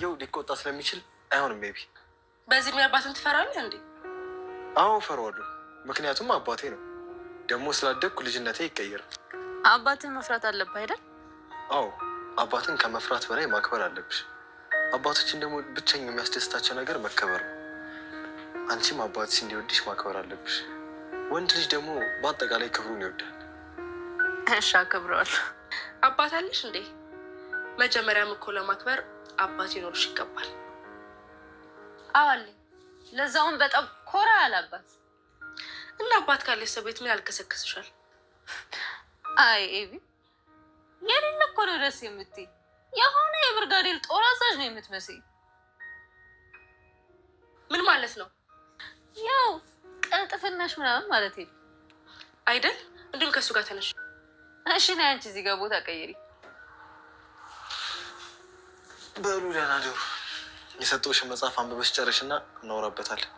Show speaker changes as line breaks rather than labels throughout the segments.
ሰውየው ሊቆጣ ስለሚችል አይሆንም። ቢ
በዚህ ሚ አባትን ትፈራለህ እንዴ?
አዎ እፈራዋለሁ። ምክንያቱም አባቴ ነው። ደግሞ ስላደግኩ ልጅነቴ ይቀየራል።
አባትን መፍራት አለብህ አይደል?
አዎ አባትን ከመፍራት በላይ ማክበር አለብሽ። አባቶችን ደግሞ ብቸኛ የሚያስደስታቸው ነገር መከበር ነው። አንቺም አባት እንዲወድሽ ማክበር አለብሽ። ወንድ ልጅ ደግሞ በአጠቃላይ ክብሩን ይወዳል።
እሺ አከብረዋለሁ። አባት አለሽ እንዴ? መጀመሪያም እኮ ለማክበር አባት ሊኖርሽ ይገባል። አዋል ለዛውን በጣም ኮራ አላባት እና አባት ካለ ሰው ቤት ምን ያልከሰከስሻል? አይ ኤቢ የሌለ እኮ ነው ደስ የምትይ። የሆነ የብርጋዴር ጦር አዛዥ ነው የምትመስይ። ምን ማለት ነው? ያው ቀልጥፍናሽ ምናምን ማለት አይደል? እንዲሁም ከእሱ ጋር ተነሽ። እሺ ነይ አንቺ እዚህ ጋር ቦታ ቀይሪ።
በሉ ደህና ደሩ። የሰጠሁሽን መጽሐፍ አንብበሽ ጨርሽና እናወራበታለን።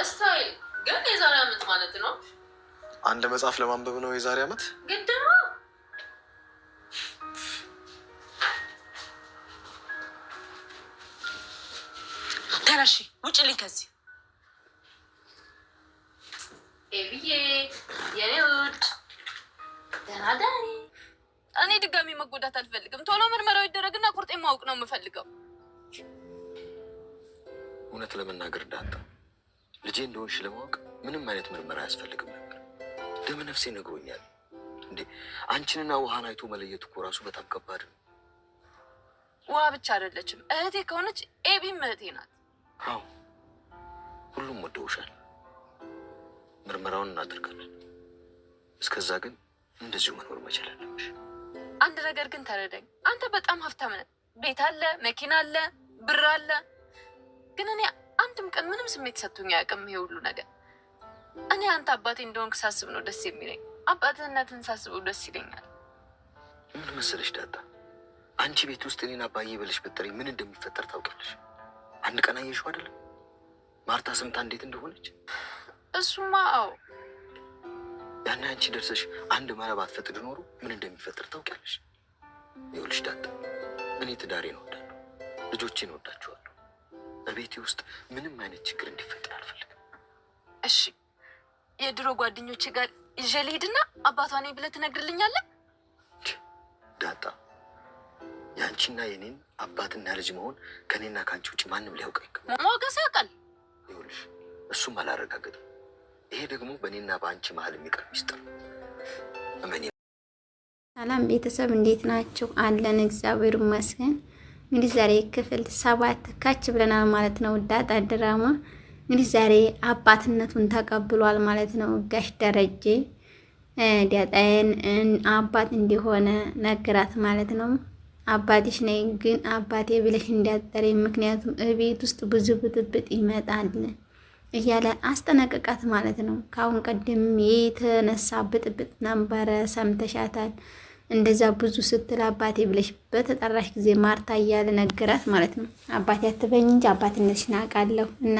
እስታይ ግን የዛሬ አመት ማለት ነው።
አንድ መጽሐፍ ለማንበብ ነው የዛሬ አመት
ግን ነው። ተነሺ ውጭ ልኝ ከዚህ የኔ ውድ ድጋሚ መጎዳት አልፈልግም። ቶሎ ምርመራው ይደረግና ቁርጤ ማወቅ ነው የምፈልገው።
እውነት ለመናገር ዳጣ ልጄ እንደሆንሽ ለማወቅ ምንም አይነት ምርመራ አያስፈልግም ነበር። ደመ ነፍሴ ነግሮኛል። እንዴ አንቺንና ውሃን አይቶ መለየት እኮ ራሱ በጣም ከባድ ነው።
ውሃ ብቻ አይደለችም እህቴ ከሆነች ኤቢም እህቴ ናት።
አዎ ሁሉም ወደውሻል። ምርመራውን እናደርጋለን። እስከዛ ግን እንደዚሁ መኖር መቻል አለብሽ።
አንድ ነገር ግን ተረዳኝ። አንተ በጣም ሀብታም ነህ፣ ቤት አለ፣ መኪና አለ፣ ብር አለ። ግን እኔ አንድም ቀን ምንም ስሜት ሰጥቶኝ አያውቅም። ይሄ ሁሉ ነገር እኔ አንተ አባቴ እንደሆንክ ሳስብ ነው ደስ የሚለኝ። አባትነትን ሳስበው ደስ ይለኛል።
ምን መሰለሽ ዳጣ፣ አንቺ ቤት ውስጥ እኔን አባዬ ብለሽ ብትጠሪ ምን እንደሚፈጠር ታውቂያለሽ? አንድ ቀን አየሽው አይደለም ማርታ ስምታ እንዴት እንደሆነች።
እሱማ አዎ
ያና አንቺ ደርሰሽ አንድ መረብ አትፈጥድ ኖሮ ምን እንደሚፈጥር ታውቂያለሽ። ይኸውልሽ ዳጣ፣ እኔ ትዳሬን እወዳለሁ፣ ልጆቼን እወዳቸዋለሁ። በቤቴ ውስጥ ምንም አይነት ችግር እንዲፈጠር አልፈልግም።
እሺ፣ የድሮ ጓደኞቼ ጋር ይዤ ልሂድና አባቷ ነኝ ብለህ ትነግርልኛለህ?
ዳጣ፣ የአንቺና የኔን አባትና ልጅ መሆን ከእኔና ከአንቺ ውጭ ማንም ሊያውቅ አይገባም።
ሞገስ ያውቃል።
ይኸውልሽ፣ እሱም አላረጋገጥም ይሄ ደግሞ በእኔና በአንቺ መሀል የሚቀር ሚስጥር
ሰላም ቤተሰብ እንዴት ናችሁ? አለን እግዚአብሔር ይመስገን። እንግዲህ ዛሬ ክፍል ሰባት ካች ብለናል ማለት ነው። ዳጣ ድራማ እንግዲህ ዛሬ አባትነቱን ተቀብሏል ማለት ነው። ጋሽ ደረጀ ዳጣዬን አባት እንዲሆነ ነግራት ማለት ነው። አባትሽ ነኝ ግን አባቴ ብለሽ እንዳትጠሪ፣ ምክንያቱም እቤት ውስጥ ብዙ ብጥብጥ ይመጣል እያለ አስጠነቅቃት ማለት ነው። ከአሁን ቀደም የተነሳ ብጥብጥ ነበረ ሰምተሻታል። እንደዛ ብዙ ስትል አባቴ ብለሽ በተጠራሽ ጊዜ ማርታ እያለ ነገራት ማለት ነው። አባቴ አትበኝ እንጂ አባትነትሽን ናቃለሁ እና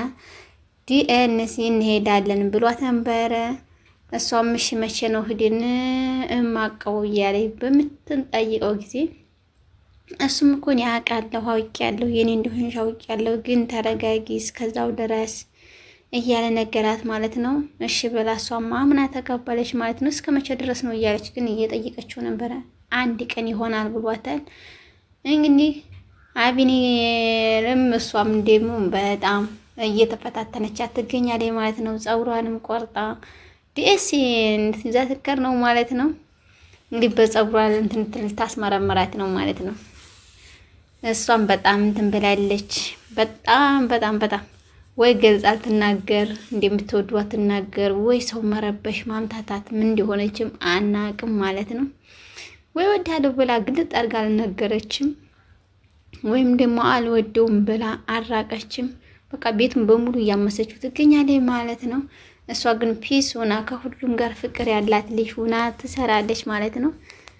ዲኤንሲ እንሄዳለን ብሏት ነበረ። እሷም እሺ መቼ ነው ሂድን እማቀው እያለ በምትንጠይቀው ጊዜ እሱም እኮን እኔ አውቃለሁ አውቄያለሁ፣ የኔ እንደሆነሽ አውቄያለሁ፣ ግን ተረጋጊ እስከዛው ድረስ እያለ ነገራት ማለት ነው። እሺ ብላ እሷማ አምና ተቀበለች ማለት ነው። እስከ መቼ ድረስ ነው እያለች ግን እየጠየቀችው ነበረ። አንድ ቀን ይሆናል ብሏታል። እንግዲህ አቢኔልም እሷም ደግሞ በጣም እየተፈታተነች ትገኛለች ማለት ነው። ጸጉሯንም ቆርጣ ዲኤስ እንድትይዛ ትከር ነው ማለት ነው። እንግዲህ በጸጉሯ እንትን ልታስመረምራት ነው ማለት ነው። እሷም በጣም እንትን ብላለች። በጣም በጣም በጣም ወይ ገልጽ አልትናገር እንደምትወዷ ትናገር ወይ ሰው መረበሽ ማምታታት ምን እንደሆነችም አናቅም ማለት ነው። ወይ ወዳለው ብላ ግልጥ አድርጋ አልነገረችም፣ ወይም ደግሞ አልወደውም ብላ አራቀችም። በቃ ቤቱን በሙሉ እያመሰችው ትገኛለች ማለት ነው። እሷ ግን ፒስ ሆና ከሁሉም ጋር ፍቅር ያላት ልጅ ሆና ትሰራለች ማለት ነው።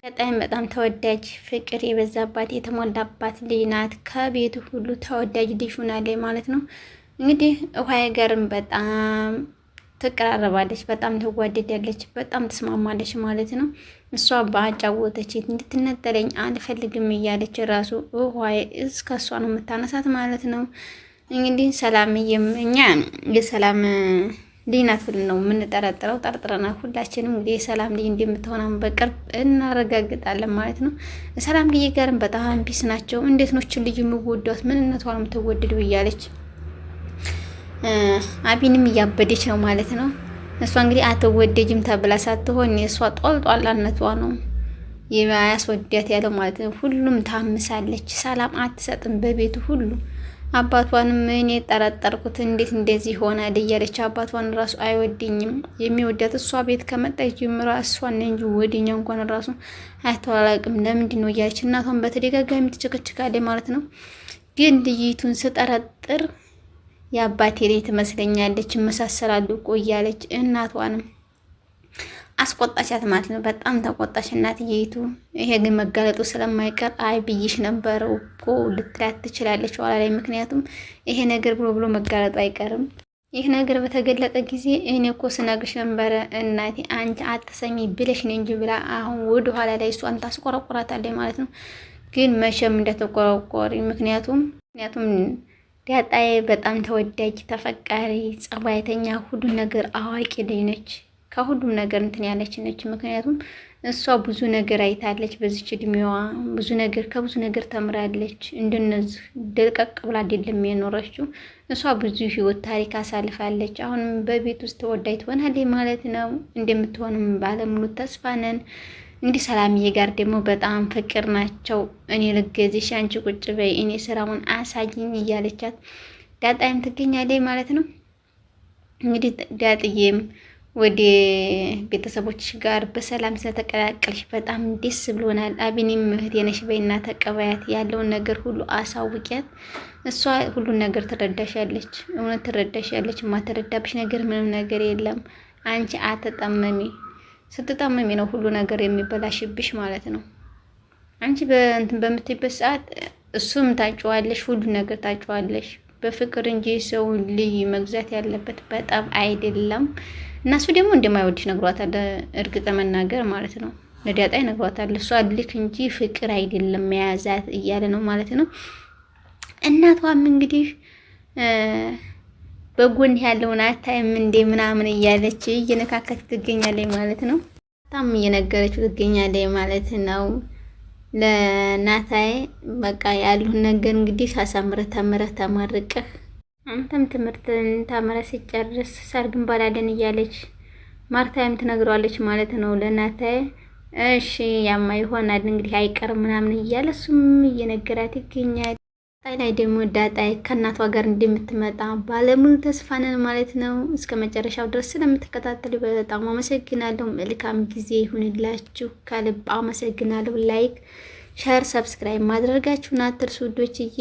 በጣም በጣም ተወዳጅ ፍቅር የበዛባት የተሞላባት ልጅ ናት። ከቤቱ ሁሉ ተወዳጅ ልጅ ሆናለች ማለት ነው። እንግዲህ ውሃዬ ጋርም በጣም ትቀራረባለች፣ በጣም ትዋደዳለች፣ በጣም ትስማማለች ማለት ነው። እሷ በአጫወተች እንድትነጠለኝ አልፈልግም እያለች ራሱ ውሃዬ እስከ እሷ ነው የምታነሳት ማለት ነው። እንግዲህ ሰላም እኛ የሰላም ልጅ ናት ብለን ነው የምንጠረጥረው፣ ጠርጥረና ሁላችንም። እንግዲህ የሰላም ልጅ እንደምትሆናም በቅርብ እናረጋግጣለን ማለት ነው። ሰላም ልጅ ጋርም በጣም ቢስ ናቸው። እንዴት ነው እችን ልጅ የምወዷት? ምንነቷ ነው የምትወደደው እያለች አቢንም እያበደች ነው ማለት ነው። እሷ እንግዲህ አትወደጅም ተብላ ሳትሆን የእሷ ጧልጧላነቷ ነው ያስወዳት ያለው ማለት ነው። ሁሉም ታምሳለች፣ ሰላም አትሰጥም በቤቱ ሁሉ። አባቷንም እኔ ጠረጠርኩት እንዴት እንደዚህ ሆነ እያለች አባቷን ራሱ አይወድኝም የሚወዳት እሷ ቤት ከመጣች ጀምራ እሷን እንጂ ወድኛ እንኳን ራሱ አያተዋላቅም ለምንድን ነው እያለች እናቷን በተደጋጋሚ ትጭቅጭቃለች ማለት ነው። ግን ልይቱን ስጠረጥር የአባቴ ላይ ትመስለኛለች ይመሳሰላሉ እኮ እያለች እናቷንም አስቆጣቻት ማለት ነው። በጣም ተቆጣች እናትዬይቱ። ይሄ ግን መጋለጡ ስለማይቀር አይ ብይሽ ነበር እኮ ልትላት ትችላለች ኋላ ላይ። ምክንያቱም ይሄ ነገር ብሎ ብሎ መጋለጡ አይቀርም። ይህ ነገር በተገለጠ ጊዜ እኔ እኮ ስነግርሽ ነበረ እናቴ አንቺ አትሰሚ ብለሽ ነው እንጂ ብላ አሁን ወደ ኋላ ላይ እሷን ታስቆረቁራታለች ማለት ነው። ግን መቼም እንደተቆረቆሪ ምክንያቱም ምክንያቱም ዳጣዬ በጣም ተወዳጅ፣ ተፈቃሪ፣ ጸባይተኛ፣ ሁሉን ነገር አዋቂ ልጅ ነች። ከሁሉም ነገር እንትን ያለች ነች። ምክንያቱም እሷ ብዙ ነገር አይታለች። በዚች እድሜዋ ብዙ ነገር ከብዙ ነገር ተምራለች። እንደነዚህ ደልቀቅ ብላ አይደለም የኖረችው። እሷ ብዙ ህይወት ታሪክ አሳልፋለች። አሁንም በቤት ውስጥ ተወዳጅ ትሆናለች ማለት ነው። እንደምትሆንም ባለሙሉ ተስፋ ነን። እንግዲህ ሰላምዬ ጋር ደግሞ በጣም ፍቅር ናቸው። እኔ ልገዝሽ፣ አንቺ ቁጭ በይ፣ እኔ ስራውን አሳይኝ እያለቻት ዳጣይም ትገኛለች ማለት ነው። እንግዲህ ዳጥዬም ወደ ቤተሰቦች ጋር በሰላም ስለተቀላቀልሽ በጣም ደስ ብሎናል። አቢኒም ምህት የነሽ በይና ተቀበያት፣ ያለውን ነገር ሁሉ አሳውቂያት። እሷ ሁሉን ነገር ትረዳሻለች፣ እውነት ትረዳሻለች። የማትረዳብሽ ነገር ምንም ነገር የለም። አንቺ አትጠመሚ ስትታመሚ ነው ሁሉ ነገር የሚበላሽብሽ ማለት ነው። አንቺ በእንትን በምትይበት ሰዓት እሱም ታጭዋለሽ፣ ሁሉ ነገር ታጭዋለሽ። በፍቅር እንጂ ሰው ልይ መግዛት ያለበት በጣም አይደለም። እና እሱ ደግሞ እንደማይወድሽ ነግሯታል፣ እርግጠ መናገር ማለት ነው። ለዳጣ ነግሯታል። እሷ ልክ እንጂ ፍቅር አይደለም መያዛት እያለ ነው ማለት ነው። እናቷም እንግዲህ በጎን ያለውን አታይም እንዴ ምናምን እያለች እየነካከት ትገኛለች ማለት ነው። በጣም እየነገረችው ትገኛለች ማለት ነው። ለናታይ በቃ ያሉን ነገር እንግዲህ ሳሳምረህ ተምረህ ተመርቀህ አንተም ትምህርትን ተምረህ ሲጨርስ ሰርግ እንበላለን እያለች ማርታይም ትነግረዋለች ማለት ነው ለናታይ። እሺ ያማ ይሆናል እንግዲህ አይቀርም ምናምን እያለ እሱም እየነገራት ይገኛል። ቀጣይ ላይ ደግሞ ዳጣይ ከእናቷ ጋር እንደምትመጣ ባለሙሉ ተስፋ ነን ማለት ነው። እስከ መጨረሻው ድረስ ስለምትከታተሉ በጣም አመሰግናለሁ። መልካም ጊዜ ይሁንላችሁ። ከልብ አመሰግናለሁ። ላይክ፣ ሸር፣ ሰብስክራይብ ማድረጋችሁን አትርሱ ውዶችዬ።